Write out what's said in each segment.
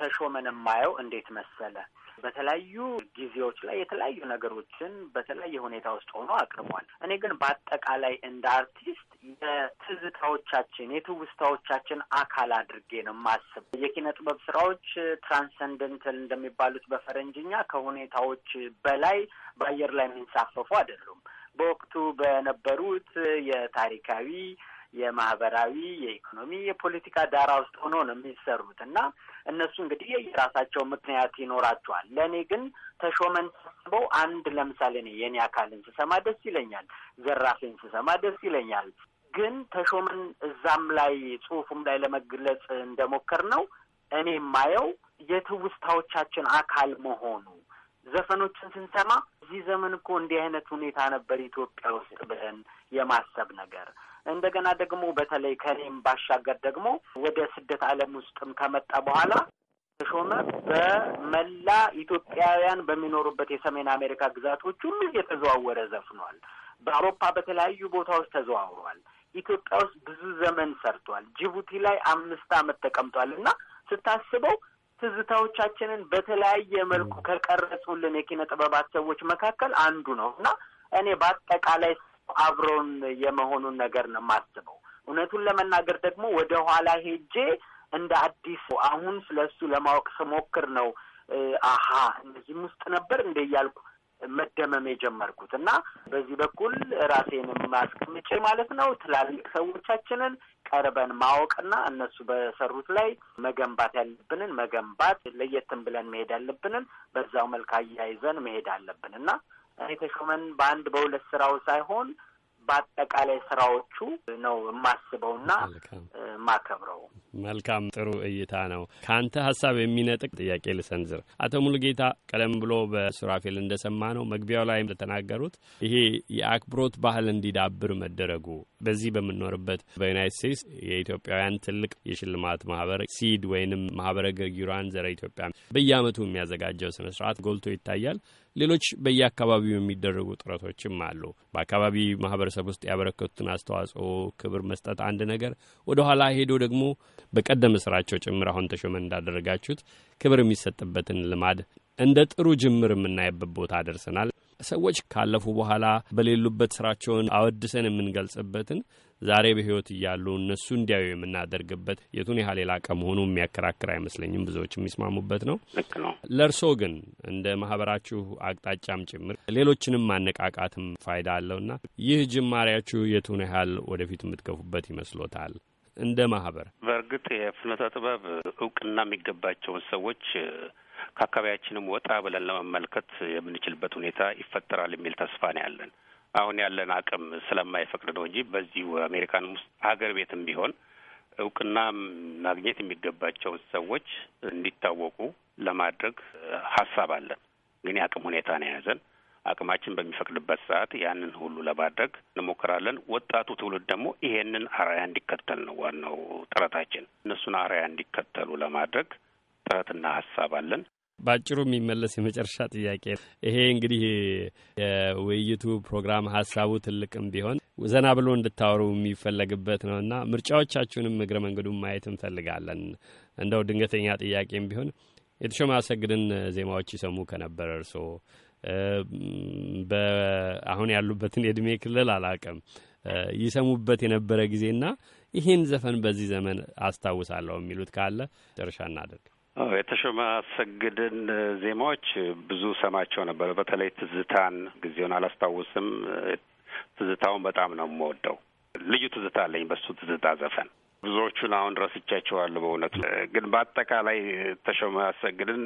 ተሾመን የማየው እንዴት መሰለ፣ በተለያዩ ጊዜዎች ላይ የተለያዩ ነገሮችን በተለያየ ሁኔታ ውስጥ ሆኖ አቅርቧል። እኔ ግን በአጠቃላይ እንደ አርቲስት የትዝታዎቻችን የትውስታዎቻችን አካል አድርጌ ነው ማስብ። የኪነ ጥበብ ስራዎች ትራንሰንደንትል እንደሚባሉት በፈረንጅኛ ከሁኔታዎች በላይ በአየር ላይ የሚንሳፈፉ አይደሉም። በወቅቱ በነበሩት የታሪካዊ የማህበራዊ፣ የኢኮኖሚ፣ የፖለቲካ ዳራ ውስጥ ሆኖ ነው የሚሰሩት እና እነሱ እንግዲህ የራሳቸው ምክንያት ይኖራቸዋል። ለእኔ ግን ተሾመን ሳስበው አንድ ለምሳሌ እኔ የእኔ አካልን ስሰማ ደስ ይለኛል፣ ዘራፌን ስሰማ ደስ ይለኛል። ግን ተሾመን እዛም ላይ ጽሁፉም ላይ ለመግለጽ እንደሞከር ነው እኔ የማየው የትውስታዎቻችን አካል መሆኑ ዘፈኖችን ስንሰማ እዚህ ዘመን እኮ እንዲህ አይነት ሁኔታ ነበር ኢትዮጵያ ውስጥ ብለን የማሰብ ነገር እንደገና ደግሞ በተለይ ከኔም ባሻገር ደግሞ ወደ ስደት ዓለም ውስጥም ከመጣ በኋላ ተሾመ በመላ ኢትዮጵያውያን በሚኖሩበት የሰሜን አሜሪካ ግዛቶች ሁሉ እየተዘዋወረ ዘፍኗል። በአውሮፓ በተለያዩ ቦታዎች ተዘዋውሯል። ኢትዮጵያ ውስጥ ብዙ ዘመን ሰርቷል። ጅቡቲ ላይ አምስት አመት ተቀምጧል እና ስታስበው ትዝታዎቻችንን በተለያየ መልኩ ከቀረጹልን የኪነ ጥበባት ሰዎች መካከል አንዱ ነው እና እኔ በአጠቃላይ አብሮን የመሆኑን ነገር ነው የማስበው። እውነቱን ለመናገር ደግሞ ወደ ኋላ ሄጄ እንደ አዲስ አሁን ስለ እሱ ለማወቅ ስሞክር ነው አሀ እነዚህም ውስጥ ነበር እንደ እያልኩ መደመም የጀመርኩት እና በዚህ በኩል ራሴንም ማስቀምጬ ማለት ነው ትላልቅ ሰዎቻችንን ቀርበን ማወቅና እነሱ በሰሩት ላይ መገንባት ያለብንን መገንባት፣ ለየትም ብለን መሄድ ያለብንን በዛው መልክ አያይዘን መሄድ አለብን እና የተሾመን በአንድ በሁለት ስራው ሳይሆን በአጠቃላይ ስራዎቹ ነው የማስበውና ማከብረው። መልካም ጥሩ እይታ ነው። ከአንተ ሀሳብ የሚነጥቅ ጥያቄ ልሰንዝር። አቶ ሙሉጌታ ቀደም ብሎ በሱራፌል እንደሰማ ነው መግቢያው ላይ እንደተናገሩት ይሄ የአክብሮት ባህል እንዲዳብር መደረጉ በዚህ በምንኖርበት በዩናይት ስቴትስ የኢትዮጵያውያን ትልቅ የሽልማት ማህበር ሲድ ወይንም ማህበረ ግርጊሯን ዘረ ኢትዮጵያ በየአመቱ የሚያዘጋጀው ስነ ስርዓት ጎልቶ ይታያል። ሌሎች በየአካባቢው የሚደረጉ ጥረቶችም አሉ። በአካባቢ ማህበረሰብ ውስጥ ያበረከቱትን አስተዋጽኦ ክብር መስጠት አንድ ነገር፣ ወደ ኋላ ሄዶ ደግሞ በቀደመ ስራቸው ጭምር አሁን ተሾመን እንዳደረጋችሁት ክብር የሚሰጥበትን ልማድ እንደ ጥሩ ጅምር የምናየበት ቦታ ደርሰናል። ሰዎች ካለፉ በኋላ በሌሉበት ስራቸውን አወድሰን የምንገልጽበትን ዛሬ በህይወት እያሉ እነሱ እንዲያዩ የምናደርግበት የቱን ያህል የላቀ መሆኑ የሚያከራክር አይመስለኝም። ብዙዎች የሚስማሙበት ነው። ልክ ነው። ግን እንደ ማህበራችሁ አቅጣጫም ጭምር ሌሎችንም ማነቃቃትም ፋይዳ አለውና ይህ ጅማሬያችሁ የቱን ያህል ወደፊት የምትገፉበት ይመስሎታል? እንደ ማህበር በእርግጥ የፍኖተ ጥበብ እውቅና የሚገባቸውን ሰዎች ከአካባቢያችንም ወጣ ብለን ለመመልከት የምንችልበት ሁኔታ ይፈጠራል የሚል ተስፋ ነው ያለን። አሁን ያለን አቅም ስለማይፈቅድ ነው እንጂ በዚሁ አሜሪካን ውስጥ ሀገር ቤትም ቢሆን እውቅና ማግኘት የሚገባቸውን ሰዎች እንዲታወቁ ለማድረግ ሀሳብ አለን። ግን የአቅም ሁኔታ ነው የያዘን። አቅማችን በሚፈቅድበት ሰዓት ያንን ሁሉ ለማድረግ እንሞክራለን። ወጣቱ ትውልድ ደግሞ ይሄንን አርአያ እንዲከተል ነው ዋናው ጥረታችን። እነሱን አርአያ እንዲከተሉ ለማድረግ ጥረትና ሀሳብ አለን። በአጭሩ የሚመለስ የመጨረሻ ጥያቄ ይሄ እንግዲህ የውይይቱ ፕሮግራም ሀሳቡ ትልቅም ቢሆን ዘና ብሎ እንድታወሩ የሚፈለግበት ነውና ምርጫዎቻችሁንም እግረ መንገዱን ማየት እንፈልጋለን። እንደው ድንገተኛ ጥያቄም ቢሆን የተሾመ አሰግድን ዜማዎች ይሰሙ ከነበረ እርስዎ አሁን ያሉበትን የእድሜ ክልል አላቅም ይሰሙበት የነበረ ጊዜና ይህን ዘፈን በዚህ ዘመን አስታውሳለሁ የሚሉት ካለ መጨረሻ እናደርግ። የተሾመ አሰግድን ዜማዎች ብዙ ሰማቸው ነበር። በተለይ ትዝታን ጊዜውን አላስታውስም። ትዝታውን በጣም ነው የምወደው። ልዩ ትዝታ አለኝ በሱ ትዝታ ዘፈን ብዙዎቹን አሁን ረስቻቸዋለሁ በእውነቱ ግን በአጠቃላይ ተሾመ አሰግድን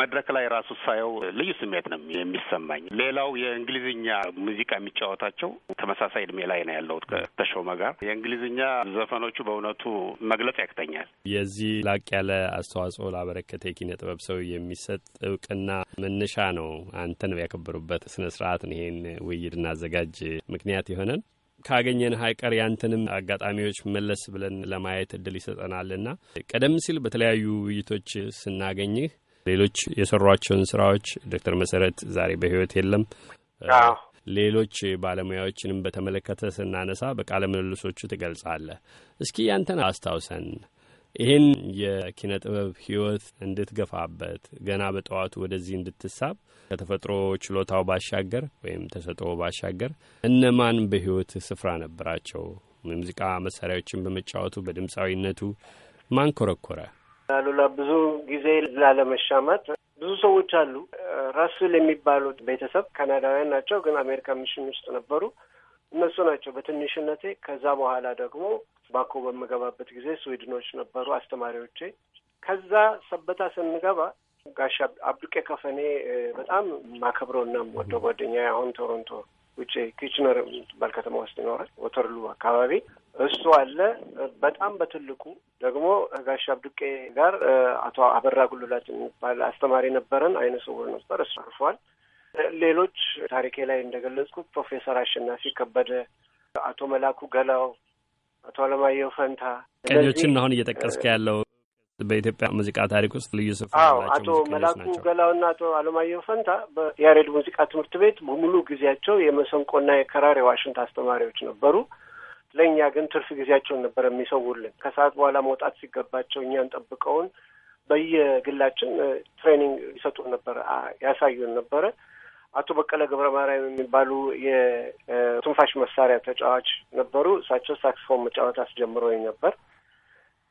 መድረክ ላይ ራሱ ሳየው ልዩ ስሜት ነው የሚሰማኝ። ሌላው የእንግሊዝኛ ሙዚቃ የሚጫወታቸው ተመሳሳይ እድሜ ላይ ነው ያለሁት ከተሾመ ጋር የእንግሊዝኛ ዘፈኖቹ በእውነቱ መግለጽ ያቅተኛል። የዚህ ላቅ ያለ አስተዋጽኦ ላበረከተ የኪነ ጥበብ ሰው የሚሰጥ እውቅና መነሻ ነው። አንተን ያከበሩበት ስነ ስርዓት ይሄን ውይይት እናዘጋጅ ምክንያት የሆነን ካገኘን ሀይቀር ያንተንም አጋጣሚዎች መለስ ብለን ለማየት እድል ይሰጠናልና ቀደም ሲል በተለያዩ ውይይቶች ስናገኝህ ሌሎች የሰሯቸውን ስራዎች ዶክተር መሰረት ዛሬ በህይወት የለም፣ ሌሎች ባለሙያዎችንም በተመለከተ ስናነሳ በቃለ ምልልሶቹ ትገልጻለህ። እስኪ ያንተን አስታውሰን። ይህን የኪነ ጥበብ ህይወት እንድትገፋበት ገና በጠዋቱ ወደዚህ እንድትሳብ ከተፈጥሮ ችሎታው ባሻገር ወይም ተሰጥኦ ባሻገር እነማን በህይወት ስፍራ ነበራቸው? የሙዚቃ መሳሪያዎችን በመጫወቱ በድምፃዊነቱ ማን ኮረኮረ? አሉላ ብዙ ጊዜ ላለመሻማት ብዙ ሰዎች አሉ። ራስል የሚባሉት ቤተሰብ ካናዳውያን ናቸው፣ ግን አሜሪካ ሚሽን ውስጥ ነበሩ። እነሱ ናቸው በትንሽነቴ። ከዛ በኋላ ደግሞ ባኮ በምገባበት ጊዜ ስዊድኖች ነበሩ አስተማሪዎቼ። ከዛ ሰበታ ስንገባ ጋሻ አብዱቄ ከፈኔ በጣም ማከብረው እና ጓደኛ አሁን ቶሮንቶ ውጭ ኪችነር ባል ከተማ ውስጥ ይኖራል፣ ወተርሉ አካባቢ እሱ አለ። በጣም በትልቁ ደግሞ ጋሻ አብዱቄ ጋር አቶ አበራ ጉልላት የሚባል አስተማሪ ነበረን። አይነ ስውር ነበር፣ እሱ አርፏል። ሌሎች ታሪኬ ላይ እንደገለጽኩት ፕሮፌሰር አሸናፊ ከበደ፣ አቶ መላኩ ገላው አቶ አለማየሁ ፈንታ ቀኞችን አሁን እየጠቀስከ ያለው በኢትዮጵያ ሙዚቃ ታሪክ ውስጥ ልዩ ስፍራ አቶ መላኩ ገላውና አቶ አለማየሁ ፈንታ በያሬድ ሙዚቃ ትምህርት ቤት በሙሉ ጊዜያቸው የመሰንቆና የከራር የዋሽንት አስተማሪዎች ነበሩ። ለእኛ ግን ትርፍ ጊዜያቸውን ነበር የሚሰውልን። ከሰዓት በኋላ መውጣት ሲገባቸው እኛን ጠብቀውን በየግላችን ትሬኒንግ ይሰጡን ነበረ፣ ያሳዩን ነበረ። አቶ በቀለ ገብረ ማርያም የሚባሉ የትንፋሽ መሳሪያ ተጫዋች ነበሩ። እሳቸው ሳክስፎን መጫወት አስጀምሮኝ ነበር።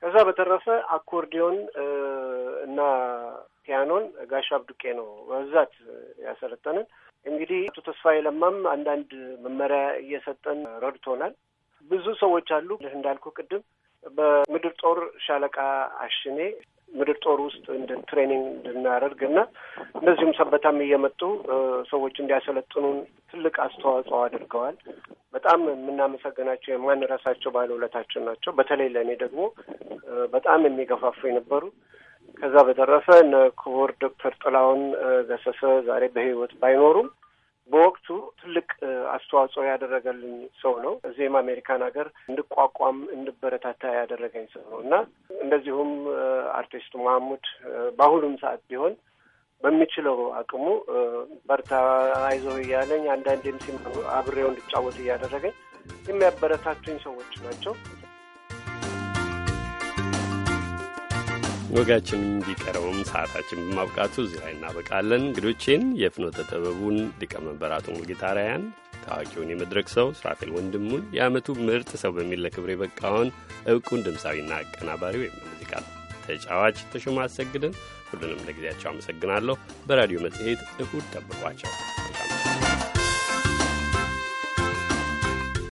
ከዛ በተረፈ አኮርዲዮን እና ፒያኖን ጋሽ አብዱቄ ነው በብዛት ያሰለጠንን። እንግዲህ አቶ ተስፋዬ ለማም አንዳንድ መመሪያ እየሰጠን ረድቶናል። ብዙ ሰዎች አሉ ልህ እንዳልኩ ቅድም በምድር ጦር ሻለቃ አሽኔ ምድር ጦር ውስጥ እንደ ትሬኒንግ እንድናደርግ እና እንደዚሁም ሰበታም እየመጡ ሰዎች እንዲያሰለጥኑን ትልቅ አስተዋጽኦ አድርገዋል። በጣም የምናመሰግናቸው የማንረሳቸው ባለውለታችን ናቸው። በተለይ ለእኔ ደግሞ በጣም የሚገፋፉ የነበሩ ከዛ በተረፈ እነ ክቡር ዶክተር ጥላሁን ገሰሰ ዛሬ በህይወት ባይኖሩም በወቅቱ ትልቅ አስተዋጽኦ ያደረገልኝ ሰው ነው። እዚህም አሜሪካን ሀገር እንድቋቋም እንድበረታታ ያደረገኝ ሰው ነው እና እንደዚሁም አርቲስቱ መሀሙድ በአሁኑም ሰዓት ቢሆን በሚችለው አቅሙ በርታ፣ አይዞህ እያለኝ አንዳንዴም ሲም አብሬው እንድጫወት እያደረገኝ የሚያበረታቱኝ ሰዎች ናቸው። ወጋችን እንዲቀረውም ሰዓታችን በማብቃቱ እዚህ ላይ እናበቃለን። እንግዶቼን የፍኖተ ጥበቡን ሊቀመንበር አቶ ሙልጌታ ራያን፣ ታዋቂውን የመድረክ ሰው ስራፌል ወንድሙን፣ የአመቱ ምርጥ ሰው በሚል ለክብር የበቃውን እውቁን ድምፃዊና አቀናባሪ ወይም ሙዚቃ ተጫዋች ተሾማ አሰግድን፣ ሁሉንም ለጊዜያቸው አመሰግናለሁ። በራዲዮ መጽሔት እሁድ ጠብቋቸው።